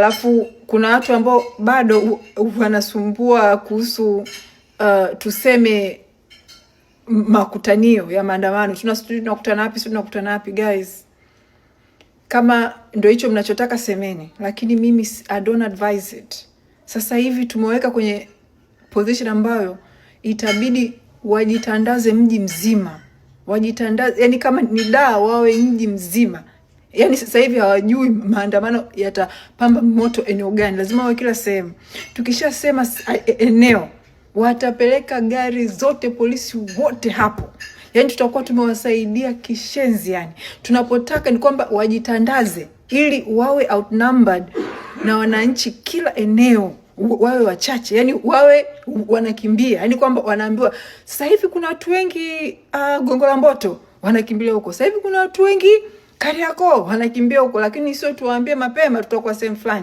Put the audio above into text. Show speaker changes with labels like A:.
A: Alafu kuna watu ambao bado wanasumbua kuhusu uh, tuseme makutanio ya maandamano, tuna sijui tunakutana wapi, sijui tunakutana wapi. Guys, kama ndio hicho mnachotaka semeni, lakini mimi I don't advise it. Sasa hivi tumeweka kwenye position ambayo itabidi wajitandaze mji mzima, wajitandaze yani, kama ni daa wawe mji mzima yani sasa hivi hawajui maandamano yatapamba moto eneo gani, lazima wawe kila sehemu. Tukishasema e, eneo, watapeleka gari zote, polisi wote hapo, Yani tutakuwa tumewasaidia kishenzi. Yani tunapotaka ni kwamba wajitandaze, ili wawe outnumbered na wananchi, kila eneo wawe wachache, yani wawe wanakimbia, yani kwamba wanaambiwa sasa hivi kuna watu wengi uh, Gongo la Mboto, wanakimbilia huko. Sasa hivi kuna watu wengi Kariakoo wanakimbia huko, lakini sio tuwaambie mapema, tutakuwa sehemu fulani.